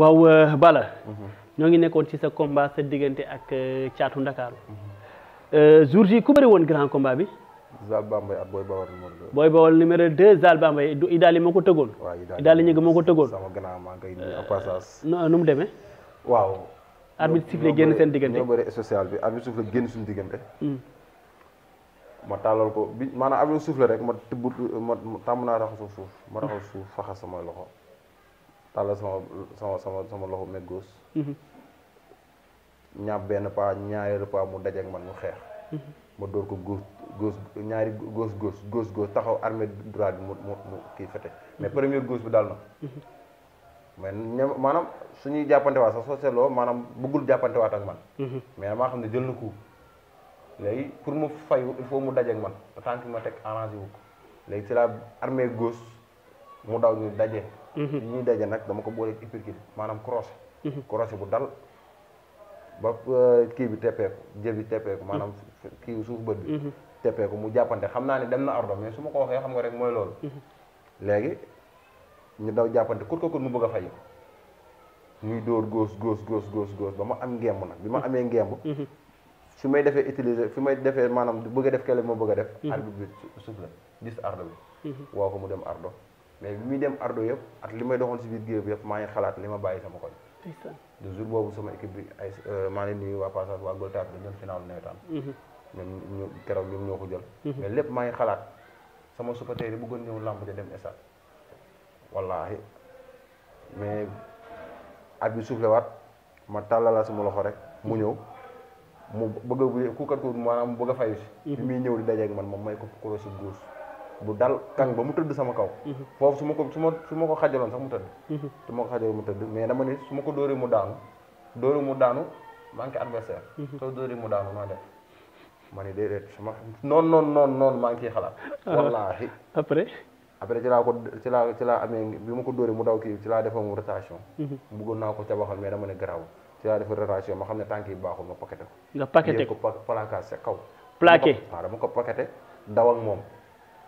waaw euh, bala mhm. ñoo ngi nekkoon ci sa combat sa diggante ak euh, caatu Ndakaaru euh, jour ji ku bëri woon grand combat bi Zal Bambay ak Boy numéro 2 Boy Bawol numéro 2 Zal Bambay du Idaali moo ko tëggoon Idaali ñëngi moo ko tëggoon nu mu demee waaw arbitre sifflé génn seen diggante social bi arbitre sifflé génn suñu diggante hmm. ma tàllal ko bi maanaam arbitre sifflé rek ma tëbb ma tàmm naa raxasu suuf ma raxasu suuf faxas samay loxo tàllal sama sama sama sama loxo meg gauche mhm. ñaab benn pas ñaareelu pas mu dajeek man mu xeex mhm. ma dóor ko gauche gauche ñaari goos gauche gauche gauche taxaw armée droite bi mu mu kii fete mhm. mais première goos bi daal na mais ñoom maanaam suñuy jàppante waat sax soo seetloo maanaam bëggul jàppante waat ak man mais damaa xam ne jël na coup léegi pour mu fayu il faut mu dajeek man tant que ma teg arrangé wu ko léegi ci la armée gauche mu daw ñu daje yi mm-hmm. ñuy daje nag dama ko booleeg uppercut maanaam crossé mm-hmm. crossé bu dal ba kii bi teppeeku bi teppeeku mm-hmm. maanaam kii bi suuf bët bi teppeeku mu jàppante xam naa ne dem na ardo mais su ma ko waxee xam nga rek mooy loolu léegi ñu daw jàppante kut ko kut mu bëgg a fay ñuy dóor góos góos góos góos góos ba ma am ngemb nag bi ma amee ngemb su may defee utiliser fi may defee maanaam bëgg a def kele bi ma bëgg a def arbitre bi suuf la gis ardo bi woo ko mu dem ardo mais bi muy dem ardo yëpp ak li may doxoon si biir géew bi yëpp maa ngi xalaat li ma bàyyi sama koñ de jour boobu sama équipe bi ay euh, maa ngi nuyu waa passage waa Gueule Tapée dañ doon final nawetaan mhm. ñoom ñu keroog ñoom ñoo ko jël mhm. lépp maa ngi xalaat sama supporter yi bëggoon ñëw làmb ja dem stade wallaahi mais at bi ma tàllala sama loxo rek mu ñëw mu bëgg a ku kat ko maanaam mu bëgg a fayu si mhm. bi muy ñëw di dajeeg man moom may ko kuréel si góos bu dal kang ba mu tudd sama kaw mhm. fofu suma ko suma suma ko xajalon sax mu tudd mhm. suma ko xajalon mu tudd mais dama ne suma ko dóoree mu daanu dóoree mu daanu manki adversaire mhm. so dóoree mu daanu maa def ma ne déedéet sama non non non non manki xalat ah. wallahi après après ci la ko ci la ci la amé bi mu ko dóoree mu daw ki ci la defo mu rotation bu naa ko ca waxal mais dama ne graw ci la defal rotation ma xamné tanki baxul ma paqueté ko nga paqueté ko placage kaw plaqué dama ko paqueté daw ak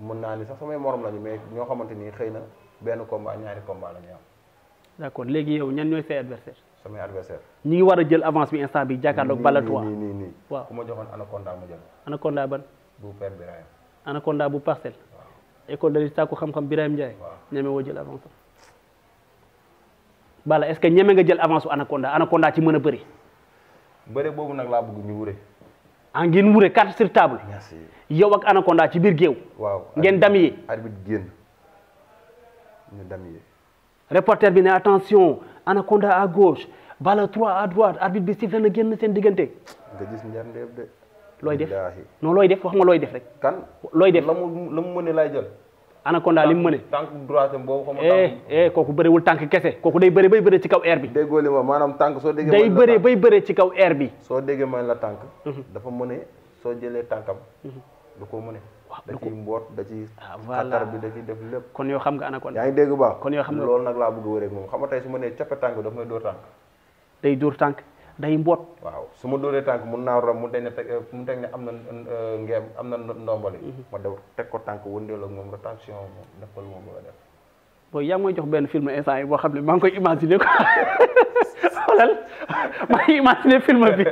mën naa ni sax samay moroom lañu mais ñoo xamante ni xëy na benn combat ñaari komba la ñu am. kon léegi yow ñan ñooy say adversaire samay adversaire ñi ngi war a jël avance bi instant bi jàkkaarloog Balla 3 nii nii nii waaw ku ma joxoon Anaconda ma jël. Anaconda ban. bu Père Birahim. Anaconda bu parcelle. waaw école de lutte sàkku xam-xam Birahim Ndiaye. waaw ñeme woo jël avance Balla est-ce que ñeme nga jël avance su Anaconda Anaconda ci mën a bëri. bëri boobu nag laa bëgg ñu wure. a ah, ngeen wure carte sur table. yow ak Anaconda ci biir géew. waaw ngeen damyee. arbitre génn reporter bi ne attention Anaconda à gauche balle 3 à droite arbitre bi sifflé na génn seen diggante. gis ñaar ndeef looy def noo looy def wax ma looy def rek. kan looy def la mu la mu mën lay jël. Anaconda li mu mëne. tànk droite boobu xam nga eh, eh, kooku bëriwul tànk kese kooku day bëri bay bëri ci kaw air bi. déggoo li ma maanaam tànk soo déggee. day bëri bay bëri ci kaw air bi. soo déggee man la tànk. Mhm. dafa mëne soo jëlee tànkam. Mhm. du ko mëne. waaw da ciy mboot da ciy. Ah, xatar bi da ciy def yoo xam nga Anaconda. yaa ngi dégg baax kon yoo xam nga loolu nag laa a ma nee coppe tànk daf may dóor tànk. day dóor tànk. day mbot waaw suma ma tank mu naaw ram mu teg tek mu teg ne amna na ngeem am ndombali ma daw tek ko wondel ak mom rotation moom def ko def bo yaa ngi jox ben film instant yi boo xam ne koy imaginer ko xolal ma imaginer film bi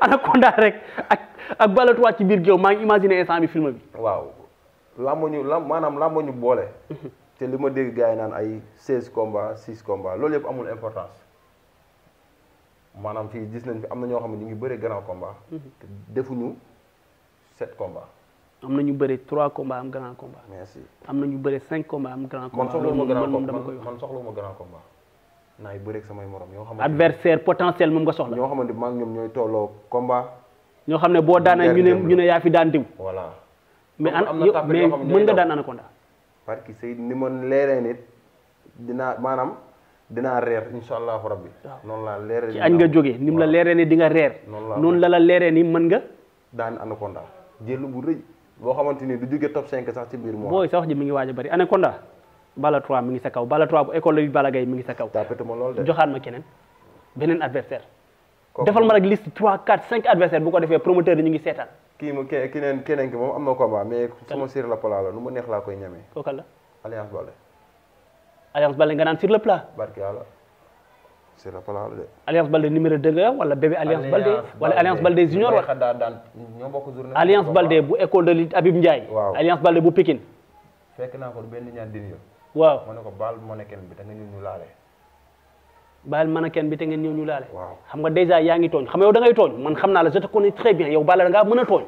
Anaconda rek ak ak balatuwaat ci biir geew maa ngi imaginer instant bi film bi waaw lamoñu ñu làmb maanaam làmb ñu boole dégg gars nan ay 16 combat six combat loolu yëpp amul importance maanaam fii gis nañ fi am na ñoo xam ne ñu ngi bëre grand combat. Mhm. te defuñu sept combat. am na ñu bëre trois combat am grand combat. na ñu bëre cinq combat am grand combat. man soxlawuma grand combat man soxlawuma grand combat. naay bëreeg samay morom ñoo xam. adversaire potentiel moom nga soxla. ñoo xamante maa ngi ñoom ñooy tolloo combat. ñoo xam ne boo daanee ñu ne ñu ne yaa fi daan diw. voilà mais an mais mën nga daan anaconda. parce que Seydou ni ma leeree nit dinaa maanaam. dinaa reer incha allahu rabbi noonu laa leeree ci añ nga jógee la leeree ni di nga reer noonu la la leeree ni mën nga daan anaconda jël bu rëy boo xamante ni du jóge top 5 sax ci biir mois booy sa wax ji mi ngi waaj a bëri anaconda bala 3 mi ngi sa kaw bala 3 bu école bi bala gay mi ngi sa kaw ma loolu de joxaat ma keneen beneen adversaire defal ma rek liste 3 4 5 adversaire bu ko defee promoteur yi ñu ngi seetaan kii mu keneen keneen ki moom am na combat mais sama sir la pala la nu ma neex laa koy ñamee kooka la alliance Alliance Baldé nga naan sur le plat. barke yàlla sur le plat de. Alliance Baldé numéro 2 nga wala bébé Alliance Baldé. wala Alliance Baldé junior wala. ñoo bokk journée. Alliance Baldé bu école de lutte Habib Ndiaye. waaw Alliance Baldé bu Pikine. fekk na ko benn ñaan dinañu. waaw ma ne ko baal bi da nga ñëw ñu laalé baal mannequin bi te ngeen ñëw ñu laalé xam nga déjà yaangi togn xam nga yow da ngay togn man xam na la je te connais très bien yow Balla nga mëna togn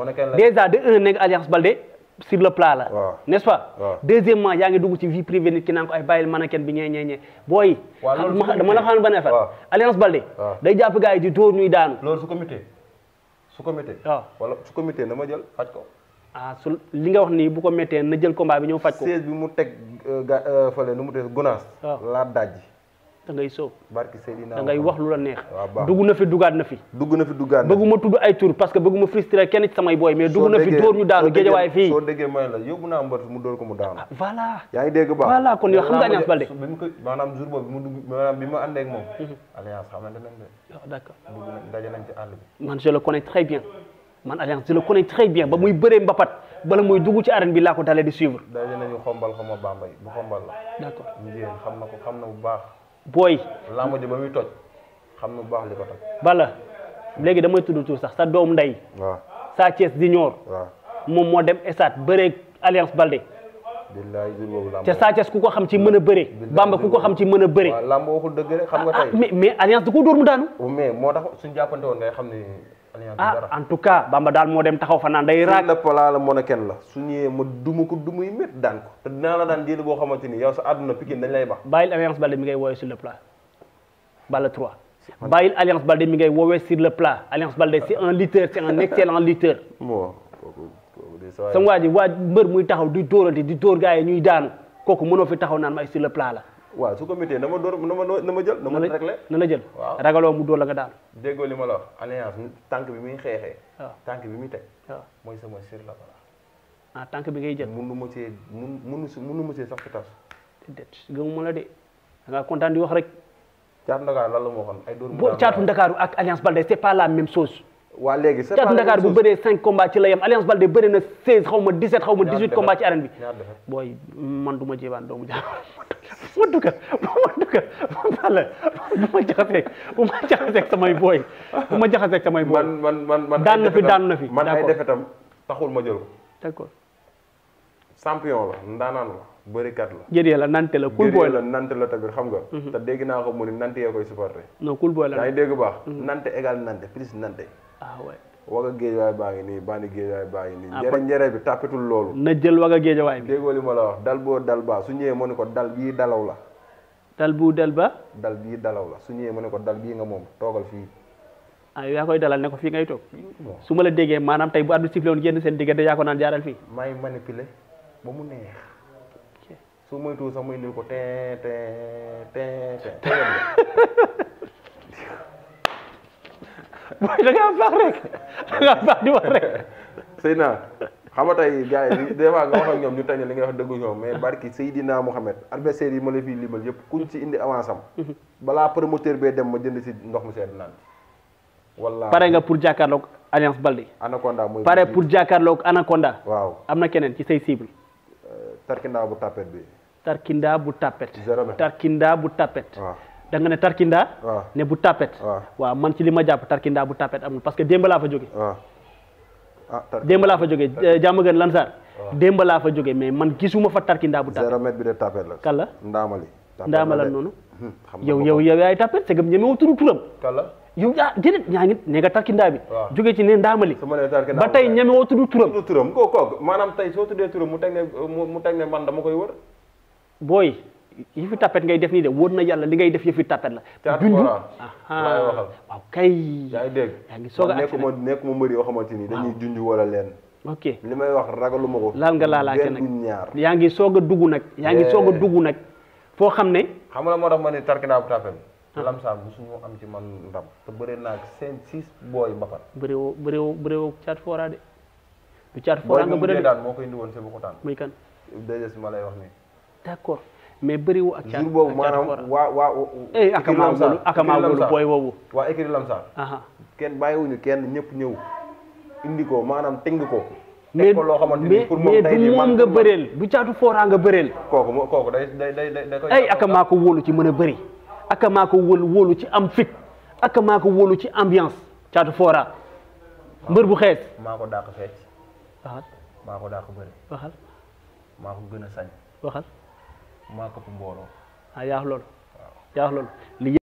a la dèjà de un nekk Alliance Baldé sur le plat la n'est-ce pas deuxièmement yaa ngi dugg ci vie privée nit ki naan ko ay bàyyil mannequin bi ñee ñee ñee booy dama la xamal benn affaire Alliance Baldé day jàpp gars yi di dóor ñuy daanu loolu su comité su comité waaw wala su comité na ma jël faj ko ah su li nga wax nii bu ko méttee na jël combat bi ñëw faj ko bi mu teg euh, euh, fële nu mu teg gonaas laa dajji da ngay soob barki Seydina da ngay wax lu la neex dugg na fi dugaat na fi dugg na fi dugaat bëgguma tudd ay tur parce que bëgguma frustré kenn ci samay booy mais dugg na fi dóor ñu daanu géejawaay fii soo déggee may la yóbbu naa mbër mu dóor ko mu daanu voilà yaa ngi dégg baax voilà kon yow xam nga alliance Baldé bi mu ko maanaam jour boobu mu dugg maanaam bi ma àndee ak moom mhm. alliance xamante nañ de waaw d'accord daje nañ ci àll bi man je le connais très bien man alliance je le connais très bien ba muy bëree mbapat bala muy dugg ci arène bi laa ko dalee di suivre daje nañu xombal xama bambay bu xombal la d'accord ñu xam na ko xam na bu baax booy. làmb ji ba muy toj xam na bu baax li ko toj. bala léegi damay tudd tur sax sa doom ndey. waaw sa Thiès junior. waaw moom moo dem Esat bëreeg alliance Balde. te Sa Thiès ku ko xam ci mën a bëre Bamba ku ko xam ci mën a bëre. waaw làmb waxul dëgg rek xam nga ah, ah, tey. mais mais alliance da ko dóor mu daanu. mais moo tax suñu jàppante woon ngay xam ni. ah en tout cas Bamba daal moo dem taxaw fa naan day raag la palaa la monaken la su ñëwee ma duma ko dumuy mét daan ko te dinaa la daan jël boo xamante ni yow sa àdduna Pikine dañ lay bax bàyyil alliance balde mi ngay woowee sur le plat Balla 3 bàyyil alliance balde mi ngay woowee sur le plat alliance balde c'est un lutteur c'est un excellent lutteur sama waa ji waa mbër muy taxaw di dóorante di dóor gars yi ñuy daanu kooku mënoo fi taxaw naan ma ay sur le plat la waaw su ko méttee na ma door na ma na ma jël na ma réglé na la jël waaw ragaloo mu dóor la nga daal déggoo li ma la wax alliance tànk bi muy xeexee waaw tànk bi muy teg waaw mooy sama sir la bala ah, tànk bi ngay jël mënu ma see mun mënu si mënu ma see sax fi tas déedéet la de da ngaa kontaan di wax rek caatu Ndakaaru lan la ma waxoon ay dóor boo caatu Ndakaaru ak alliance Baldé c'est pas la même chose waa léegi c'est pas caatu Ndakaaru bu bëree cinq ci la yem alliance Baldé bëri na seize xaw ma dix-sept xaw ma dix-huit combats ci arène bi booy man du ma jéebaan doomu jaa bu ma booy ma jaxaseeg samay booy. man man man na fi daan na ma jël ko. d'accord. champion la ndaanaan la bërikat la. la nante la cool boy la nante la tamit xam nga. te dégg naa ko mu ni nante yaa koy supporté. non cool boy la yaa ngi dégg baax. nante égal nante plus nante. waga géejawaay baa ngi nii bandi géejawaay baa ngi nii njëre ah, njëre bi tàppitul loolu na jël waga géejawaay bi déggoo li ma la wax dal boo dal baa su ñëwee mu ne ko dal bii dalaw la dal bu dal ba dal bii dalaw la su ñëwee mu ne ko nga moom toogal fii ah yaa koy dalal ne ko fii ngay toog su ma la déggee maanaam tey bu addu sifflé woon génn seen diggante yaa ko naan jaaral fii may manipuler ba mu neex su moytuwul sax muy ko te mooy da ngaa baax rek da ngaa di wax rek. Seydina xam nga tey gars yi des fois nga wax ñoom ñu tànn li nga wax dëggu ñoom mais barki Seydina Mohamed adversaire yi ma la fiy limal yëpp kuñ ci indi avance am. balaa promoteur bee dem ma jënd si ndox mu sedd naan. wallaahi pare nga pour jàkkaarloog alliance Balde. Anaconda mooy pare pour jàkkaarloog Anaconda. waaw am na keneen ci say cible. Euh, Tarkinda bu tapet bi. Tarkinda bu tapet. Tarkinda bu tapet. da nga ne tarkinda ne bu tapet waa man ci li ma jàpp tarkinda bu am na parce que démb laa fa jóge ah, démb laa fa jóge jàmm gën lansaar démb laa fa jóge mais man gisuma fa tarkinda bu tapet zéro bi de tapet la kala ndaamali ndaamala noonu hmm, yow yow yow yaay tapet c'est que ñemewu turu turam kala yow ah déedéet ñaa ngi ne nga tarkindaa bi jóge ci ne ndaamali ba tey ñemewoo tudd turam turam kooku maanaam tey soo tuddee turam mu teg ne mu teg ne man dama koy wër booy yëfi tapet ngay def nii de wóor na yàlla li ngay def yëfi tapet la. junj waaw kay. yaa ngi dégg yaa ngi soog a nekkuma nekkuma mbër yoo xamante ni dañuy junj wala leen. ok li may wax ragaluma ko. laal nga laalaake nag yaa ngi soog a dugg nag. yaa ngi soog a dugg nag foo xam ne. xam nga moo tax ma ne tarkinaa bu tapet. Ah. lamsaam bu suñu am ci man ndam. te bëri naa ak seen six booy ba pare. bëree woo bëree woo bëree woo de. du caat fooraa nga bëri de daan moo koy indi woon si bu ko tànn. muy ma lay wax nii. d'accord mais bëriwu ak caat boobu maanaam waa waa eh, akamaa wóolu booy woowu waa écrit lamsar kenn bàyyiwuñu kenn ñëpp ñëw indi ko maanaam tëng ko mais du moom nga bëreel du caatu fooraa nga bëreel kooku kooku day day day day koy wóolu ci mën a bëri akamaa ko wóolu ci am fit akamaa ko wóolu ci ambiance caatu fooraa mbër bu xees maa ko dàq fecc waxal maa këpp mbooloo ah yaa wax loolu yaa wax loolu